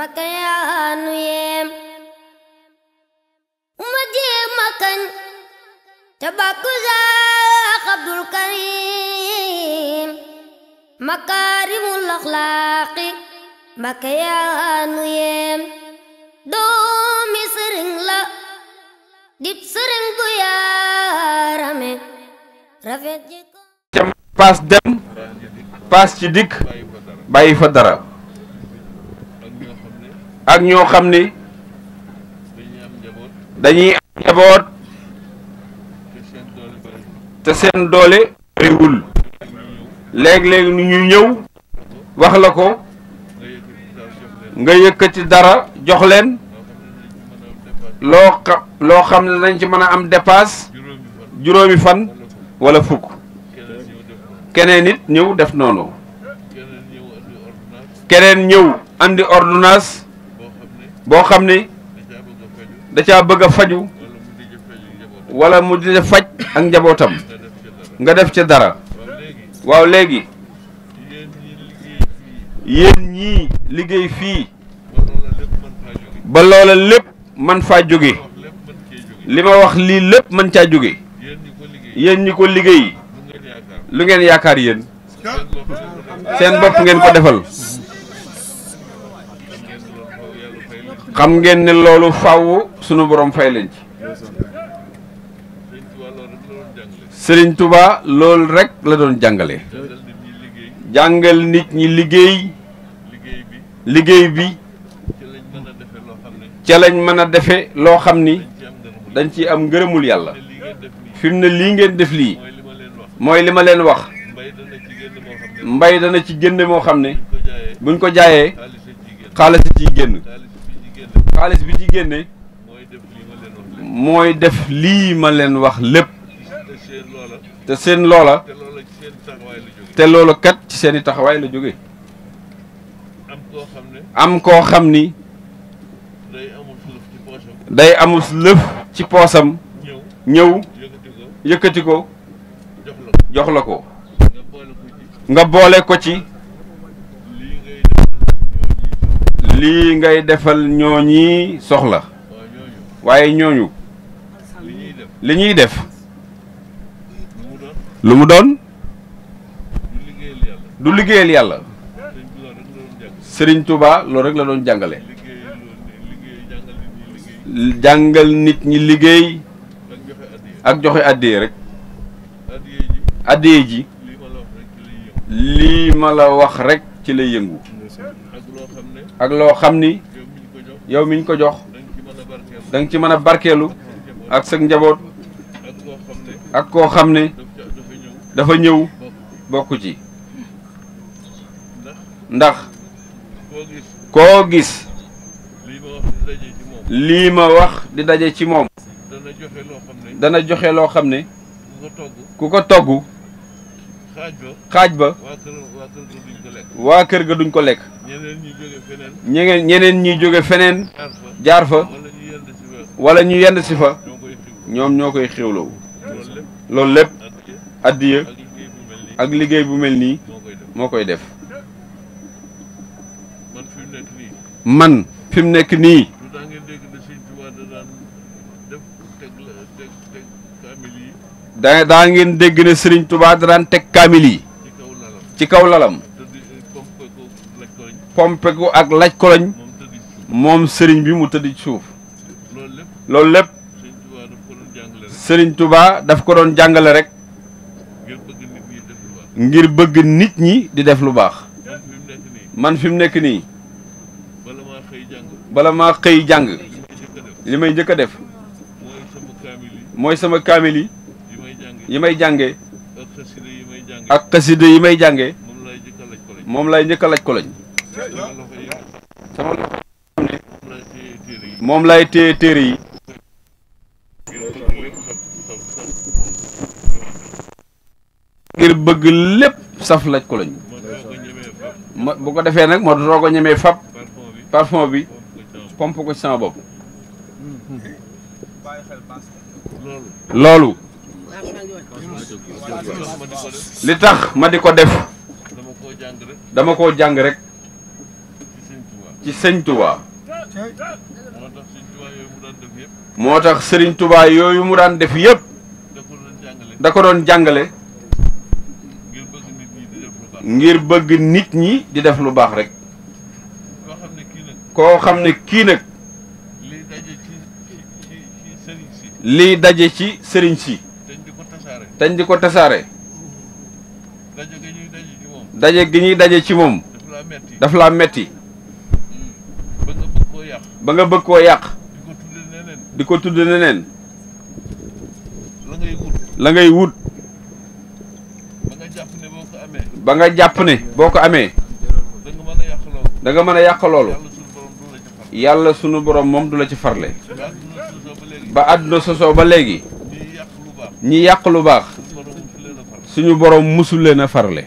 maka yaa nu yem uma jéema kañ te bàkku Seex Abdul makaarimul axlaaqi maka yaa nu yem doomi sëriñ la dib sëriñ bu yaarame rafet jikko paas dem paas fa dara ak ñoo xam ni dañuy am njaboot te seen doole bariwul léeg-léeg nu ñu ñëw wax la ko nga yëkkati dara jox leen loo xam loo xam ne dañ ci mën a am dépasse juróomi fan walla fukk keneen it ñëw def noonu keneen ñëw andi ordonnance boo xam ne da caa bëgg a faju walla mu di faj ak njabootam nga def ca dara waaw léegi yéen ñii liggéey fii ba loola lépp man faa jóge li ma wax lii lépp man caa jóge yéen ñi ko liggéey lu ngeen yaakaar yéen seen bopp ngeen ko defal am ngeen ne loolu fàww sunu borom fay leen ci Sëriñ Tuba loolu rekk la doon jàngale jàngal nit ñi liggéey liggéey bi ca lañ mën a defe loo xam ni dañ ci am ngërëmul yàlla fi mu ne lii ngeen def lii mooy li ma leen wax mbay dana ci génn moo xam ne buñ ko jaayee xaalis ci génn xaalis bi ci génne mooy def lii ma leen wax lépp te seen loola te loola kat ci seen i taxawaay la jóge am koo xam ni day amul lëf ci poosam ñëw yëkkati ko jox la ko nga boole ko ci lii ngay defal ñooñi soxla waaye ñooñu li ñuy def lu mu doon du liggéeyal yàlla Sëriñ tubaa loolu rek la doon jàngale jàngal nit ñi liggéey ak joxe addiye rek addiye ji lii ma la wax rek ci lay yëngu ak loo xam ni yow miñ ko jox da nga ci mën a barkeelu ak sa njaboot ak koo xam ne dafa ñëw bokk ci ndax koo gis lii ma wax di daje ci moom dana joxe loo xam ne ku ko togg xaaj ba waa kër ga duñ ko lekk ñeneen ñeneen ñuy jóge feneen jaar fa wala ñu yend si fa ñoom ñoo koy xéwloo loolu lépp addiya ak liggéey bu mel nii moo koy def man fi mu nekk nii da daa ngeen dégg ne Serigne Touba da daan teg kaamil yi ci kaw lalam pompe ko ak laj koloñ moom Serigne bi mu tëdd ci suuf loolu lépp sëriñ Touba daf ko doon jàngale rek ngir bëgg nit ñi di def lu baax man fi mu nekk nii bala maa xëy jàng li may njëkk a def mooy sama kaamil yi yi may jàngee ak xasida yi may jànge moom laay njëkk a laj koloñ sama moom lay téye téere yi ngir bëgg lépp saf laj koloñ ma bu ko defee nag moo dootoo ñemee fab parfum bi pomp ko ci sama bopp loolu li tax ma di ko def dama koo jàng rek ci sëñ Tuubaa moo tax sëriñ Tuubaa yooyu mu daan def yëpp da ko doon jàngale ngir bëgg nit ñi di def lu baax rek koo xam ne kii nag liy daje ci sëriñ si dañ di ko tasaare. daje gi ñuy daje ci moom. daje gi ñuy daje ci moom. daf laa metti daf laa metti. Hmm. ba nga bëgg koo yàq. ba nga bëgg koo yàq. di ko tudd neneen. di la ngay wut. ba nga jàpp ne boo ko amee. ba ko amee. da mën a yàq loolu. yàlla sunu borom moom du la ci farle. ba àdduna sosoo ba léegi. ñi yàq lu baax suñu borom musul leen a farle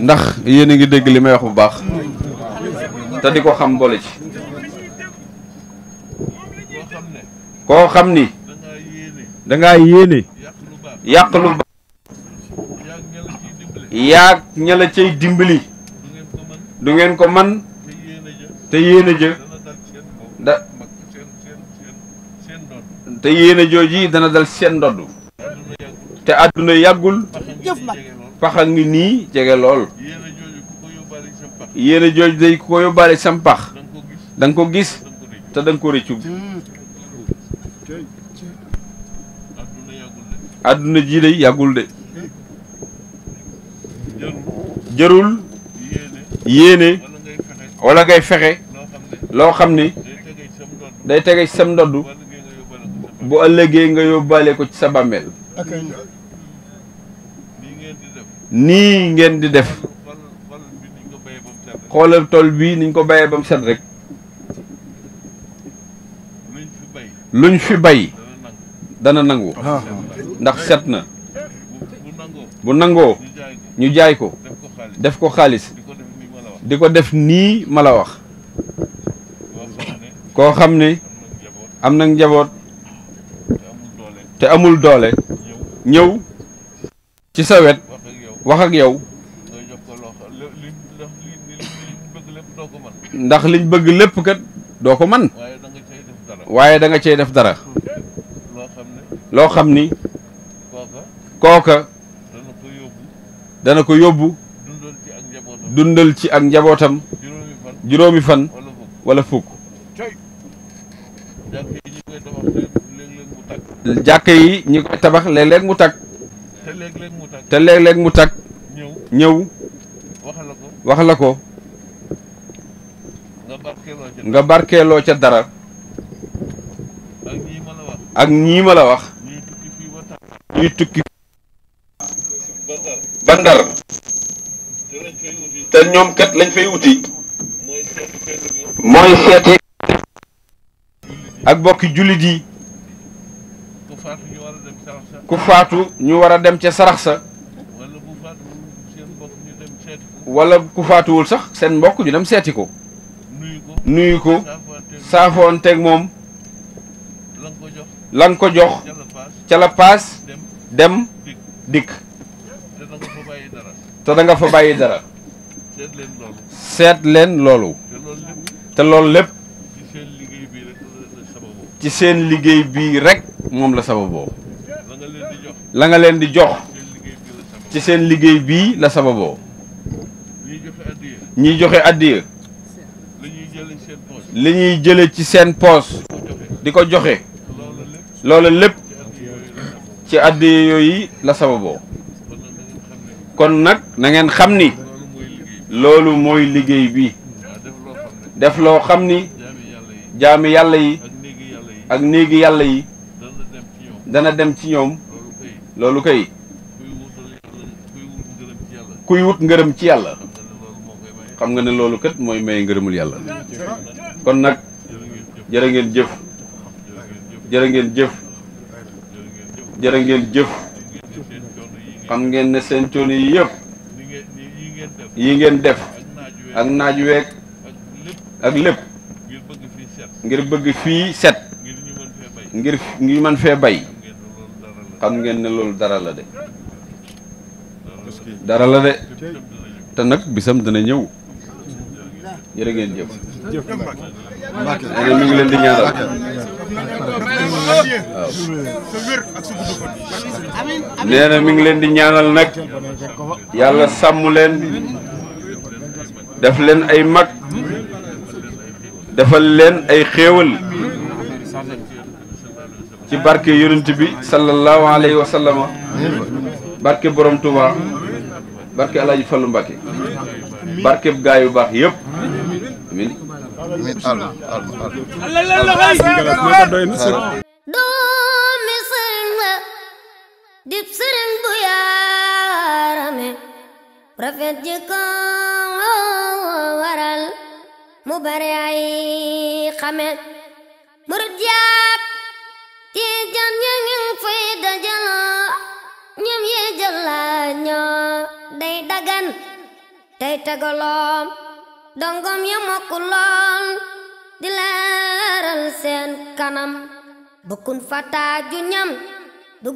ndax yéen a ngi dégg li may wax bu baax te di ko xam boole ci koo xam ni dangaa yéene yàq lu baax yaag ña la cay dimbali du ngeen ko man te yéene jë te yéene yi dana dal seen ndodd te àdduna yàggul paxa ngi nii jege lool yéene jooju day ko yóbbaale sam pax da ko gis te da ko rëccu àdduna ji day yàggul de jërul yéene wala ngay fexe loo xam ni day tege sam ndodd bu ëllëgee nga yóbbaale ko ci sa bàmmeel nii ngeen di def xoolal tool bii niñ ko bayee ba mu set rek luñ fi bay dana nangu ah, ah. ndax set na bu nangoo ñu jaay ko def ko xaalis di ko def nii ma la wax koo xam ne am na njaboot te amul doole ñëw ci sa wet wax ak ndax liñ bëgg lépp kat doo ko man waaye danga nga def dara loo xam ni kooka dana ko yóbbu dundal ci ak njabootam juróomi fan wala fukk jàkk yi ñi koy tabax léeg-léeg mu tag te léeg mu tag te ñëw wax la ko wax la ko. nga barkeeloo ca ca dara. ak ñii ma la wax. ñuy tukki ba Ndar te lañ fay wuti. te ñoom kat lañ fay wuti. mooy seeti. ak bokki jullit yi. ku faatu ñu war a dem ca sarax sa wala ku faatuwul sax seen mbokk ñu dem seeti ko nuyu ko saafoon teg moom lan ko jox ca la paas dem dikk te da fa bàyyi dara seet leen loolu te loolu lépp ci seen liggéey bii rekk moom la sababoo la nga leen di jox ci seen liggéey bii la sababoo ñiy joxe addiya li ñuy jële ci seen poos di ko joxe loola lépp ci addiya yooyu la sababoo kon nag nangeen xam ni loolu mooy liggéey bi def loo xam ni jaami yàlla yi ak néegi yàlla yi dana dem ci ñoom loolu kay kuy wut ngërëm ci yàlla xam nga ne loolu kat mooy may ngërëmul yàlla kon nag jërë ngeen jëf jërë ngeen jëf jërë ngeen jëf xam ngeen ne seen coono yi yëpp yi ngeen def ak naaj week ak lépp ngir bëgg fii set ngir ngir man fee bay xam ngeen ne loolu dara la de dara la de te nag bisam dana ñëw jërë ngeen ngi leen di ñaanal mi ngi leen di ñaanal nag yàlla sàmm leen def leen ay mag defal leen ay xéewal ci barke yonent bi sallallahu alayhi wa barke borom Touba barke El Hadj Fallou barke gaa yu baax yëpp amin amin allah dib sëriñ bu yaarame rafet ji ko waral mu bare ay xame murid jaab tiijaan ña ngeen fay dajaloo ñam yee jëlaa ñoo day dagan tey tegaloom dongom ya mokku lool di leeral seen kanam bukkun fataaju ñam du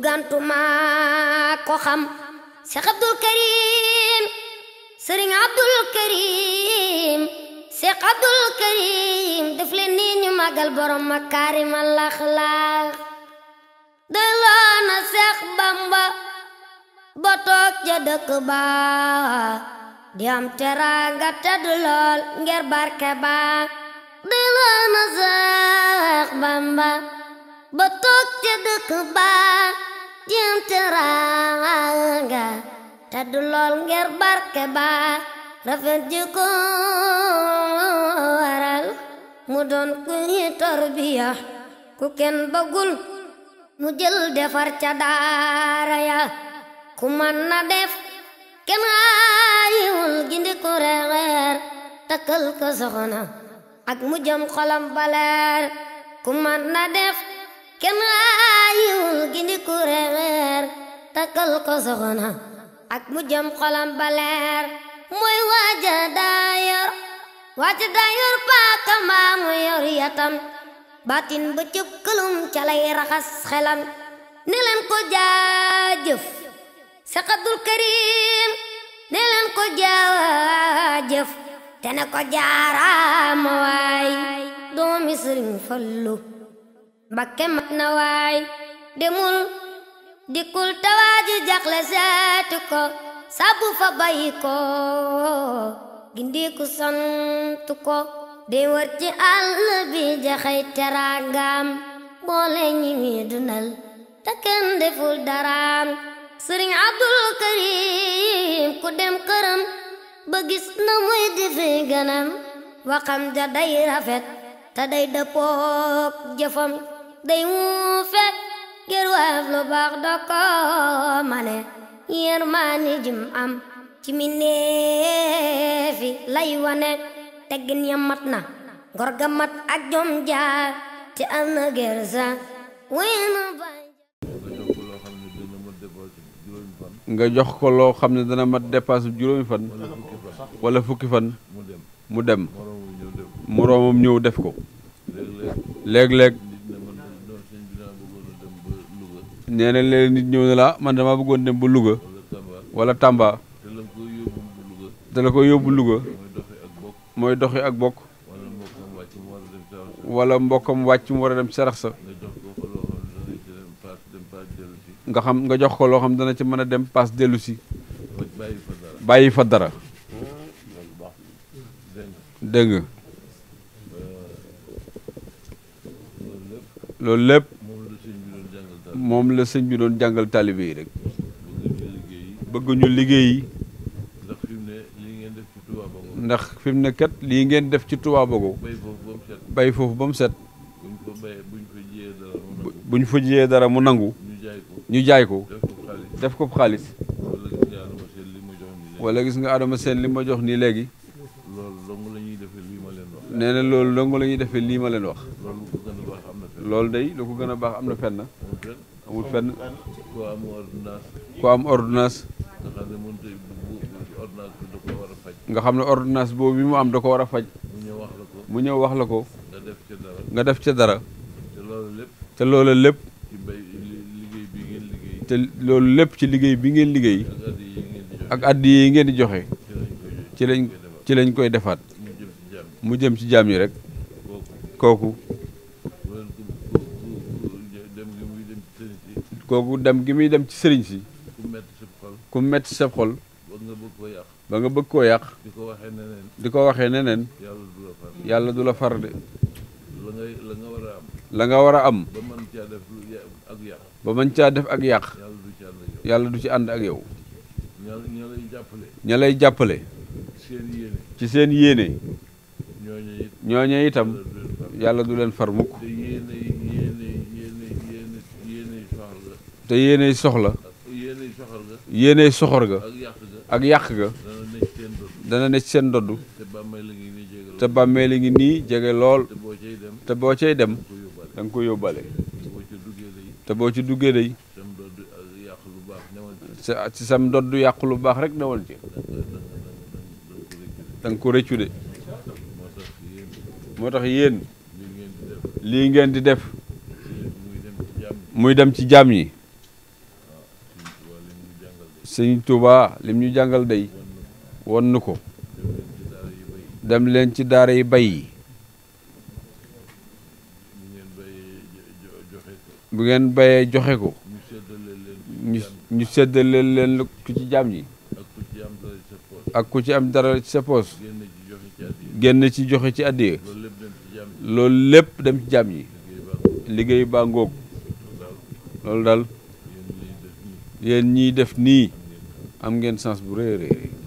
ko xam Seex Abdul Karim Sëriñ Abdul Karim Seex Abdul Karim def leen nii ñu màggal borom makaarimal axlaaq delloo na Seex Bamba ba toog ca dëkk ba am teraanga te lool ngir barke ba delloo na Seex Bamba ba toog ca dëkk ba am teraanga te lool ngir barke ba rafet mu doon ku ñi tarbiya ku kenn bëggul mu jël defar ca daara ya ku man na def kenn aayiwul gindi ku reer takkal ko soxna ak mu jëm xolam baleer ku man na def kenn aayiwul gindi ku reer takkal ko soxna ak mu jëm xolam baleer mooy waaja daayor waaja daayor paaka maa mu yor yatam batin ba këlum ca raxas xelam ne ko jaajëf sa xabdul karim ne ko jaajëf te ne ko jaaraama waay doomi sëriñ fallu bakke mat na waay demul dikkul tawaaji jaxle seeti ko sabu fa bayi ko gindi ku ko di wër ci àll bi jaxay teraangaam boole ñi mi dunal deful daraam sëriñ abdul karim ku dem këram ba gis na muy defe ganam waxam ja day rafet te day dëppook jëfam day mu fekk waaf lu baax doko mane yërmaani jim am ci mi neefi lay wane teggin ya mat nga jox ko loo xam ne dana mat dépasse juróomi fan wala fukki fan mu dem moroomam ñëw def ko léeg-léeg nee na léeg nit ñëw ne man dama bëggoon dem ba Louga wala Tamba te la ko yóbbu luga mooy doxi ak bokk wala mbokkam wàcc mu war a dem sarax sa nga xam nga jox ko loo xam dana ci mën a dem paas dellu si bàyyi fa dara dégg nga loolu lépp moom la sëñ bi doon jàngal taalibe yi rek bëgg liggéey yi ndax fi mu ne lii ngeen def ci Touba Bogo bay foofu ba mu set bu ñu fa jiyee dara mu nangu ñu jaay ko def ko xaalis wala gis nga Adama seen li ma jox nii léegi nee na loolu dong la ñuy defee lii ma leen wax loolu day lu ko gën a baax am na fenn amul fenn ko am ordonnance nga xam ne ordonnance boobu bi mu am da ko war a faj. mu ñëw wax la ko. nga def ca dara te loolu lépp. te loolu lépp. ci liggéey bi ngeen liggéey. te loolu lépp ci liggéey bi ngeen liggéey. ak addi yi ngeen di joxe. ci lañ ci lañ koy defaat. mu jëm ci jaam yi rek. kooku. dem gi muy dem ci sëriñ si. ku metti sa xol. ba nga bëgg koo yàq. di ko waxee neneen. di ko waxee neneen. yàlla du la far de. yàlla du la far la ngay la nga war a am. la nga war a am. ba mën caa def ak yàq. ba mën caa def ak yàq. yàlla du ci ànd ak yow. ña lay jàppale. ña lay jàppale. ci seen yéene. ñooñu itam yàlla du leen far mukk. te yéeney soxla. yéeney soxor ga. ak yàq ga. ak yàq ga. dana ne ci seen ndodd te bàmmeel li ngi nii jege lool te boo cay dem da nga ko yóbbale te boo ci duggee day ci sam ndodd yàqu lu baax rek newal ci da nga ko rëccu de moo tax yéen lii ngeen di def muy dem ci jaam yi ah, sëñ Tuubaa lim ñu jàngal day won nu ko dem leen ci daara yi bay yi bu ngeen bayee joxe ko ñu séddale leen ku ci jaam yi ak ku ci am dara ci sa poos génn ci joxe ci addiye loolu lépp dem ci jaam ñi liggéey baa ngóog loolu dal yéen ñiy def nii am ngeen sens bu rëy rëy